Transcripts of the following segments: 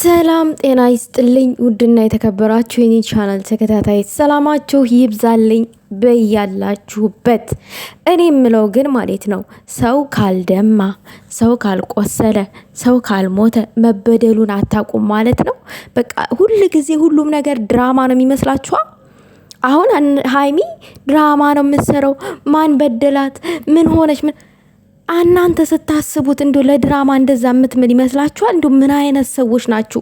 ሰላም ጤና ይስጥልኝ። ውድና የተከበራችሁ የኔ ቻናል ተከታታይ ሰላማችሁ ይብዛልኝ በያላችሁበት። እኔ የምለው ግን ማለት ነው ሰው ካልደማ፣ ሰው ካልቆሰለ፣ ሰው ካልሞተ መበደሉን አታቁም ማለት ነው። በቃ ሁል ጊዜ ሁሉም ነገር ድራማ ነው የሚመስላችኋ። አሁን ሀይሚ ድራማ ነው የምትሰራው። ማን በደላት? ምን ሆነች? ምን እናንተ ስታስቡት እንዶ ለድራማ እንደዛ የምትምል ይመስላችኋል? እንዶ ምን አይነት ሰዎች ናችሁ?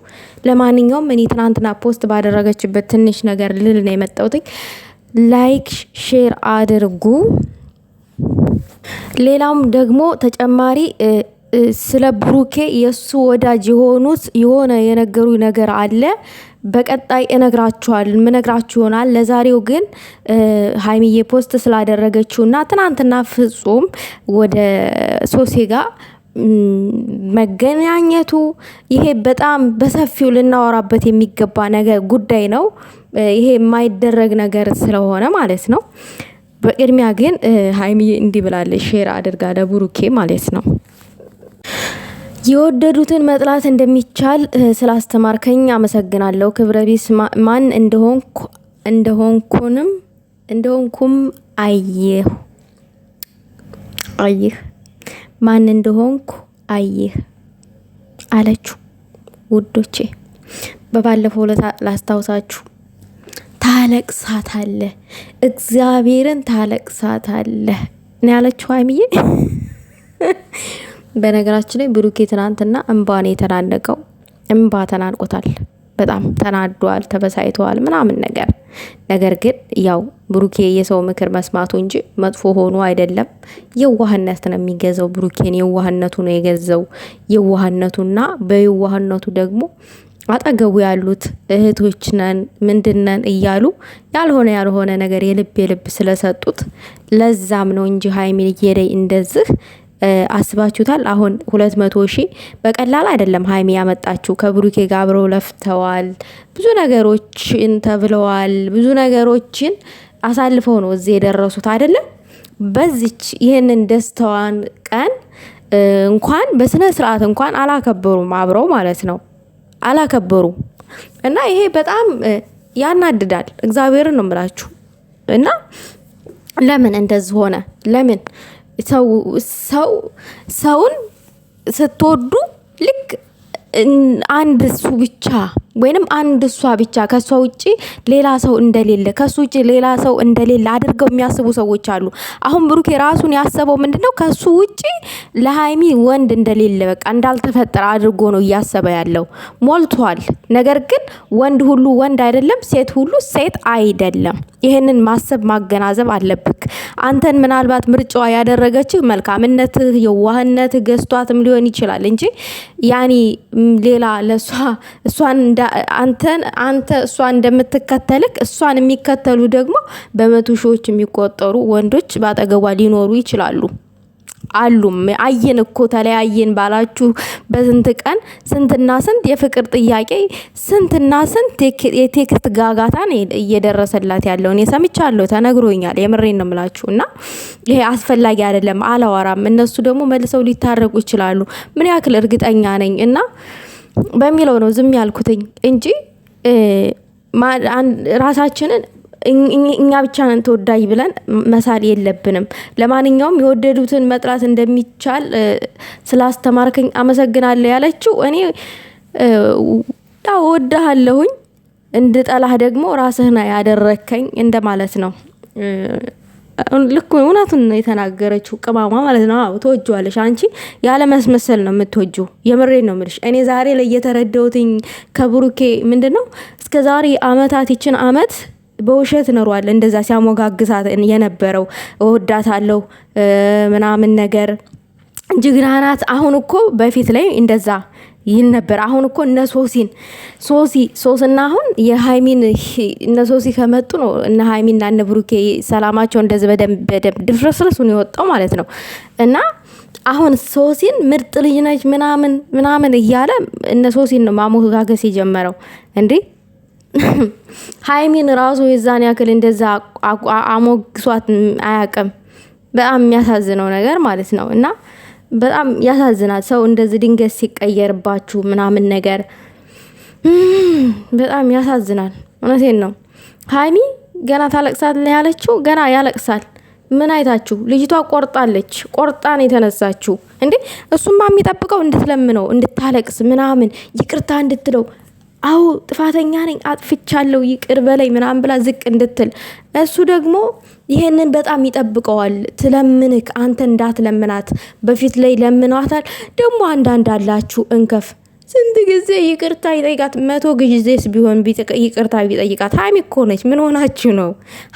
ለማንኛውም እኔ ትናንትና ፖስት ባደረገችበት ትንሽ ነገር ልል ነው የመጣሁት። ላይክ ሼር አድርጉ። ሌላውም ደግሞ ተጨማሪ ስለ ብሩኬ የእሱ ወዳጅ የሆኑት የሆነ የነገሩ ነገር አለ። በቀጣይ እነግራችኋል ምነግራችሁ ይሆናል። ለዛሬው ግን ሀይሚዬ ፖስት ስላደረገችው ና ትናንትና ፍጹም ወደ ሶሴ ጋር መገናኘቱ ይሄ በጣም በሰፊው ልናወራበት የሚገባ ነገር ጉዳይ ነው። ይሄ የማይደረግ ነገር ስለሆነ ማለት ነው። በቅድሚያ ግን ሀይሚዬ እንዲህ ብላለች፣ ሼር አድርጋ ለብሩኬ ማለት ነው የወደዱትን መጥላት እንደሚቻል ስላስተማርከኝ አመሰግናለሁ። ክብረ ቢስ ማን እንደሆንኩንም እንደሆንኩም አየሁ አየህ ማን እንደሆንኩ አየህ አለችው። ውዶቼ በባለፈው ላስታውሳችሁ አለ እግዚአብሔርን ታለቅሳታለህ ነው ያለችው ሀይሚዬ። በነገራችን ላይ ብሩኬ ትናንትና እምባን የተናነቀው እምባ ተናንቆታል። በጣም ተናዷል፣ ተበሳይተዋል ምናምን ነገር ነገር ግን ያው ብሩኬ የሰው ምክር መስማቱ እንጂ መጥፎ ሆኖ አይደለም። የዋህነት ነው የሚገዛው። ብሩኬን የዋህነቱ ነው የገዛው። የዋህነቱና በየዋህነቱ ደግሞ አጠገቡ ያሉት እህቶች ነን ምንድነን እያሉ ያልሆነ ያልሆነ ነገር የልብ የልብ ስለሰጡት ለዛም ነው እንጂ ሀይሚን እየደይ እንደዚህ አስባችሁታል? አሁን ሁለት መቶ ሺህ በቀላል አይደለም። ሀይሚ ያመጣችሁ ከብሩኬ ጋር አብረው ለፍተዋል፣ ብዙ ነገሮችን ተብለዋል፣ ብዙ ነገሮችን አሳልፈው ነው እዚህ የደረሱት አይደለም። በዚች ይህንን ደስታዋን ቀን እንኳን በስነ ስርዓት እንኳን አላከበሩም፣ አብረው ማለት ነው አላከበሩም። እና ይሄ በጣም ያናድዳል። እግዚአብሔርን ነው የምላችሁ እና ለምን እንደዚህ ሆነ? ለምን ሰውን ስትወዱ ልክ አንድ እሱ ብቻ ወይንም አንድ እሷ ብቻ ከእሷ ውጭ ሌላ ሰው እንደሌለ ከእሱ ውጭ ሌላ ሰው እንደሌለ አድርገው የሚያስቡ ሰዎች አሉ። አሁን ብሩኬ ራሱን ያሰበው ምንድን ነው? ከእሱ ውጭ ለሀይሚ ወንድ እንደሌለ በቃ እንዳልተፈጠረ አድርጎ ነው እያሰበ ያለው። ሞልቷል። ነገር ግን ወንድ ሁሉ ወንድ አይደለም፣ ሴት ሁሉ ሴት አይደለም። ይህንን ማሰብ ማገናዘብ አለብክ። አንተን ምናልባት ምርጫዋ ያደረገችህ መልካምነትህ፣ የዋህነትህ ገዝቷትም ሊሆን ይችላል እንጂ ያኔ ሌላ ለእሷ እሷን እንደ አንተን አንተ እሷን እንደምትከተልክ እሷን የሚከተሉ ደግሞ በመቶ ሺዎች የሚቆጠሩ ወንዶች በአጠገቧ ሊኖሩ ይችላሉ። አሉም አየን እኮ ተለያየን ባላችሁ በስንት ቀን ስንትና ስንት የፍቅር ጥያቄ ስንትና ስንት የቴክስት ጋጋታን እየደረሰላት ያለው እኔ ሰምቻለሁ፣ ተነግሮኛል። የምሬን ነው የምላችሁ። እና ይሄ አስፈላጊ አይደለም፣ አላዋራም። እነሱ ደግሞ መልሰው ሊታረቁ ይችላሉ። ምን ያክል እርግጠኛ ነኝ እና በሚለው ነው ዝም ያልኩትኝ እንጂ ራሳችንን እኛ ብቻ ነን ተወዳጅ ብለን መሳል የለብንም። ለማንኛውም የወደዱትን መጥራት እንደሚቻል ስላስተማርከኝ አመሰግናለሁ ያለችው እኔ ያው እወድሃለሁኝ እንድጠላህ ደግሞ ራስህን ያደረከኝ እንደማለት ነው። ልክ እውነቱን ነው የተናገረችው። ቅማማ ማለት ነው። አዎ ትወጂዋለሽ አንቺ ያለመስመሰል ነው የምትወጂው። የምሬን ነው የምልሽ። እኔ ዛሬ ላይ የተረዳሁትኝ ከብሩኬ ምንድን ነው እስከ ዛሬ አመታት ይችን አመት በውሸት ኖሯል። እንደዛ ሲያሞጋግሳት የነበረው እወዳታለሁ ምናምን ነገር ጅግናናት አሁን እኮ በፊት ላይ እንደዛ ይህን ነበር። አሁን እኮ እነ ሶሲን ሶሲ ሶስና አሁን የሃይሚን እነ ሶሲ ከመጡ ነው እነ ሃይሚና እነ ብሩኬ ሰላማቸው እንደዚህ በደንብ በደንብ ድፍረስረሱን የወጣው ማለት ነው እና አሁን ሶሲን ምርጥ ልጅ ነች ምናምን ምናምን እያለ እነ ሶሲን ነው ማሞጋገስ የጀመረው እንዲህ ሃይሚን ራሱ የዛን ያክል እንደዛ አሞግሷት አያቅም። በጣም የሚያሳዝነው ነገር ማለት ነው እና በጣም ያሳዝናል። ሰው እንደዚህ ድንገት ሲቀየርባችሁ ምናምን ነገር በጣም ያሳዝናል። እውነቴን ነው። ሀይሚ ገና ታለቅሳለች ያለችው ገና ያለቅሳል። ምን አይታችሁ? ልጅቷ ቆርጣለች። ቆርጣን የተነሳችሁ እንዴ! እሱማ የሚጠብቀው እንድትለምነው እንድታለቅስ ምናምን ይቅርታ እንድትለው አዎ ጥፋተኛ ነኝ አጥፍቻለሁ፣ ይቅር በላይ ምናምን ብላ ዝቅ እንድትል እሱ ደግሞ ይሄንን በጣም ይጠብቀዋል። ትለምንክ አንተ እንዳትለምናት በፊት ላይ ለምኗታል። ደግሞ አንዳንድ አላችሁ እንከፍ ስንት ጊዜ ይቅርታ ይጠይቃት፣ መቶ ጊዜስ ቢሆን ይቅርታ ቢጠይቃት። ሀይሚ እኮ ነች። ምን ሆናችሁ ነው?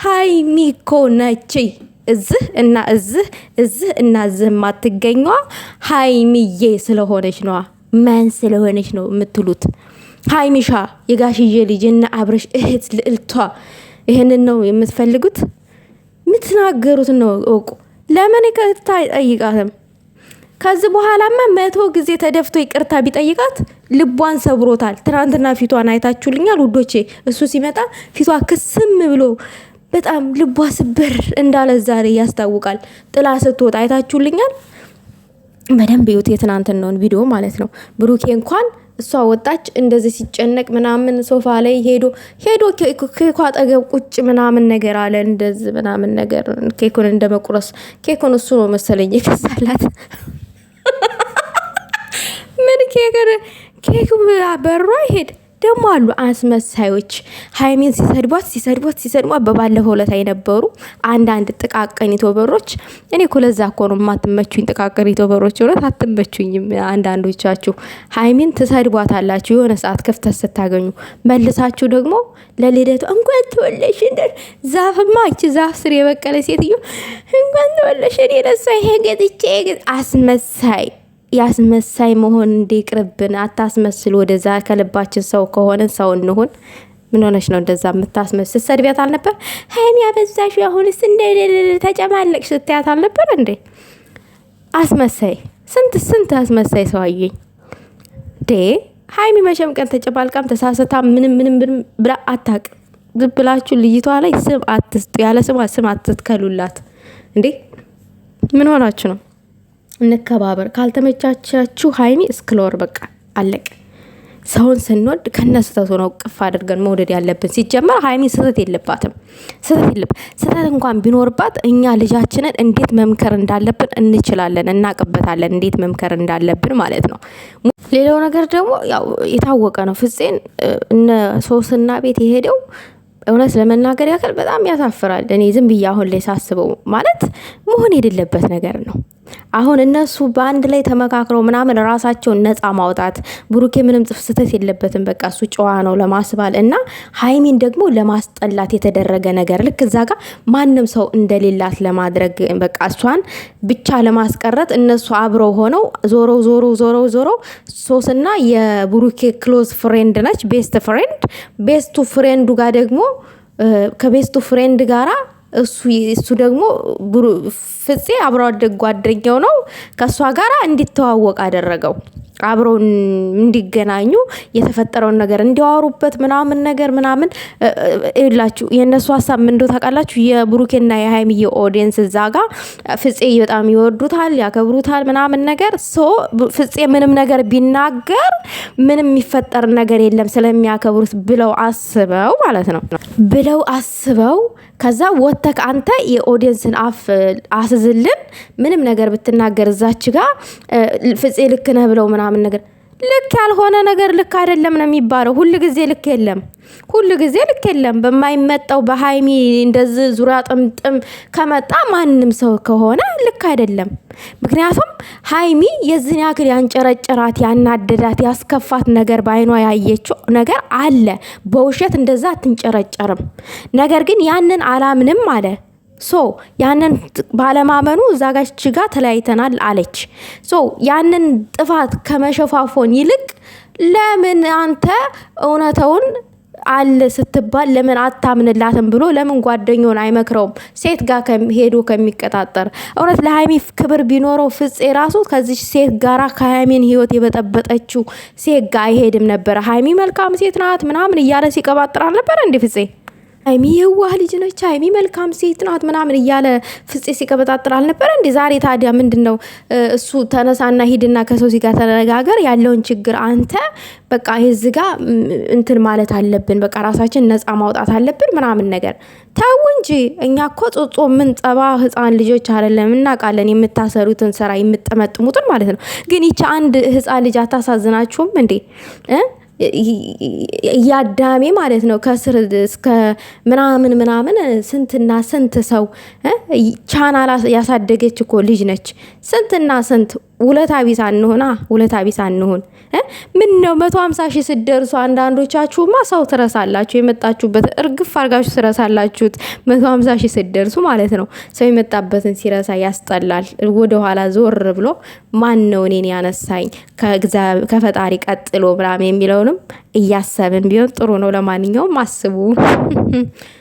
ሀይሚ እኮ ነች። እዝህ እና እዝህ እዝህ እና እዝህ ማትገኘዋ ሀይሚዬ ስለሆነች ነዋ። ማን ስለሆነች ነው የምትሉት? ሀይሚሻ የጋሽዬ ልጅ እና አብረሽ እህት ልዕልቷ፣ ይህንን ነው የምትፈልጉት? የምትናገሩት ነው እውቁ። ለምን ይቅርታ አይጠይቃትም? ከዚህ በኋላማ መቶ ጊዜ ተደፍቶ ይቅርታ ቢጠይቃት ልቧን ሰብሮታል። ትናንትና ፊቷን አይታችሁልኛል ውዶቼ። እሱ ሲመጣ ፊቷ ክስም ብሎ በጣም ልቧ ስብር እንዳለ ዛሬ ያስታውቃል። ጥላ ስትወጣ አይታችሁልኛል። በደንብ ዩት የትናንትናውን ቪዲዮ ማለት ነው። ብሩኬ እንኳን እሷ ወጣች እንደዚህ ሲጨነቅ ምናምን ሶፋ ላይ ሄዶ ሄዶ ኬኩ አጠገብ ቁጭ ምናምን ነገር አለ እንደዚህ ምናምን ነገር ኬኩን እንደ መቁረስ ኬኩን እሱ ነው መሰለኝ የገዛላት። ምን ኬክ ኬኩ በሯ ይሄድ ደግሞ አሉ አስመሳዮች ሀይሜን ሲሰድቧት ሲሰድቧት ሲሰድቧት በባለፈው ዕለት የነበሩ አንዳንድ ጥቃቅን ቶበሮች እኔ እኮ ለዛ እኮ ነው የማትመቹኝ። ጥቃቅን ቶበሮች እውነት አትመቹኝም። አንዳንዶቻችሁ ሀይሜን አላችሁ የሆነ ሰዓት ክፍተት ስታገኙ መልሳችሁ ደግሞ ለልደቱ እንኳን ተወለሽ እንደር ዛፍማ እቺ ዛፍ ስር የበቀለ ሴትዮ እንኳን ተወለሽ እኔ ነሳ ይሄ ገጥቼ አስመሳይ ያስመሳይ መሆን እንዲቅርብን፣ አታስመስል። ወደዛ ከልባችን ሰው ከሆነን ሰው እንሁን። ምን ሆነች ነው እንደዛ የምታስመስል? ሰድቢያት አልነበር? ሀይን ያበዛሽ፣ አሁንስ እንደ ተጨማለቅ ስትያት አልነበር እንዴ? አስመሳይ፣ ስንት ስንት አስመሳይ ሰው አየኝ ዴ ሀይሚ መቼም ቀን ተጨባልቃም ተሳስታ ምንም ምንም ብላ አታቅ ዝም ብላችሁ ልጅቷ ላይ ስም አትስጡ፣ ያለ ስሟ ስም አትትከሉላት እንዴ! ምን ሆናችሁ ነው? እንከባበር። ካልተመቻቻችሁ ሀይሚ እስክሎር በቃ አለቀ። ሰውን ስንወድ ከነ ስህተቱ ነው ቅፍ አድርገን መውደድ ያለብን። ሲጀመር ሀይሚ ስህተት የለባትም። ስህተት የለብ ስህተት እንኳን ቢኖርባት እኛ ልጃችንን እንዴት መምከር እንዳለብን እንችላለን፣ እናቅበታለን፣ እንዴት መምከር እንዳለብን ማለት ነው። ሌላው ነገር ደግሞ ያው የታወቀ ነው። ፍፄን እነ ሶስና ቤት የሄደው እውነት ለመናገር ያክል በጣም ያሳፍራል። እኔ ዝም ብዬ አሁን ላይ ሳስበው ማለት መሆን የሌለበት ነገር ነው። አሁን እነሱ በአንድ ላይ ተመካክረው ምናምን ራሳቸውን ነፃ ማውጣት ብሩኬ ምንም ጽፍስተት የለበትም፣ በቃ እሱ ጨዋ ነው ለማስባል እና ሀይሚን ደግሞ ለማስጠላት የተደረገ ነገር ልክ እዛ ጋር ማንም ሰው እንደሌላት ለማድረግ በቃ እሷን ብቻ ለማስቀረት እነሱ አብረው ሆነው ዞሮ ዞሮ ዞሮ ዞሮ ሶስና የብሩኬ ክሎዝ ፍሬንድ ነች፣ ቤስት ፍሬንድ ቤስቱ ፍሬንዱ ጋር ደግሞ ከቤስቱ ፍሬንድ ጋራ እሱ እሱ ደግሞ ፍፄ አብሮ አደግ ጓደኛው ነው። ከእሷ ጋር እንዲተዋወቅ አደረገው። አብረው እንዲገናኙ የተፈጠረውን ነገር እንዲያወሩበት ምናምን ነገር ምናምን ላችሁ የእነሱ ሀሳብ ምንዶ ታውቃላችሁ። የብሩኬና የሀይሚዬ ኦዲየንስ እዛ ጋ ፍፄ በጣም ይወዱታል፣ ያከብሩታል ምናምን ነገር ሶ ፍፄ ምንም ነገር ቢናገር ምንም የሚፈጠር ነገር የለም ስለሚያከብሩት ብለው አስበው ማለት ነው ብለው አስበው ከዛ ወተክ አንተ የኦዲየንስን አፍ አስዝልን ምንም ነገር ብትናገር እዛች ጋ ፍፄ ልክ ነህ ብለው ምናምን ነገር ልክ ያልሆነ ነገር ልክ አይደለም ነው የሚባለው። ሁል ጊዜ ልክ የለም፣ ሁል ጊዜ ልክ የለም። በማይመጣው በሀይሚ እንደዚህ ዙሪያ ጥምጥም ከመጣ ማንም ሰው ከሆነ ልክ አይደለም። ምክንያቱም ሀይሚ የዚህን ያክል ያንጨረጨራት፣ ያናደዳት፣ ያስከፋት ነገር በአይኗ ያየችው ነገር አለ። በውሸት እንደዛ አትንጨረጨርም። ነገር ግን ያንን አላምንም አለ ሶ ያንን ባለማመኑ እዛ ጋች ጋ ተለያይተናል አለች። ሶ ያንን ጥፋት ከመሸፋፎን ይልቅ ለምን አንተ እውነተውን አለ ስትባል ለምን አታምንላትም ብሎ ለምን ጓደኛውን አይመክረውም? ሴት ጋር ሄዶ ከሚቀጣጠር እውነት ለሀይሚ ክብር ቢኖረው ፍፄ ራሱ ከዚች ሴት ጋራ ከሀይሚን ህይወት የበጠበጠችው ሴት ጋር አይሄድም ነበረ። ሀይሚ መልካም ሴት ናት ምናምን እያለ ሲቀባጥር አልነበረ እንዲ ፍፄ ሀይሚ የዋህ ልጅ ነች፣ ሀይሚ መልካም ሴት ናት ምናምን እያለ ፍጼ ሲቀበጣጥር አልነበረ እንዴ? ዛሬ ታዲያ ምንድን ነው እሱ ተነሳና ሂድና ከሰው ጋር ተነጋገር፣ ያለውን ችግር አንተ በቃ ይህ ጋ እንትን ማለት አለብን፣ በቃ ራሳችን ነፃ ማውጣት አለብን ምናምን ነገር ተው እንጂ። እኛ እኮ ጾጾ ምን ጸባ ህፃን ልጆች አይደለም፣ እናውቃለን የምታሰሩትን ስራ የምጠመጥሙትን ማለት ነው። ግን ይቺ አንድ ህፃን ልጅ አታሳዝናችሁም እንዴ? እያዳሜ ማለት ነው ከስር እስከ ምናምን ምናምን ስንትና ስንት ሰው ቻናል ያሳደገች እኮ ልጅ ነች። ስንትና ስንት ውለታ ቢስ አንሆና ውለታ ቢስ አንሁን። ምን ነው መቶ ሀምሳ ሺህ ስደርሱ አንዳንዶቻችሁማ ሰው ትረሳላችሁ። የመጣችሁበት እርግፍ አርጋችሁ ትረሳላችሁት። መቶ ሀምሳ ሺህ ስደርሱ ማለት ነው። ሰው የመጣበትን ሲረሳ ያስጠላል። ወደኋላ ዞር ብሎ ማን ነው እኔን ያነሳኝ ከፈጣሪ ቀጥሎ ብራም የሚለውንም እያሰብን ቢሆን ጥሩ ነው። ለማንኛውም አስቡ።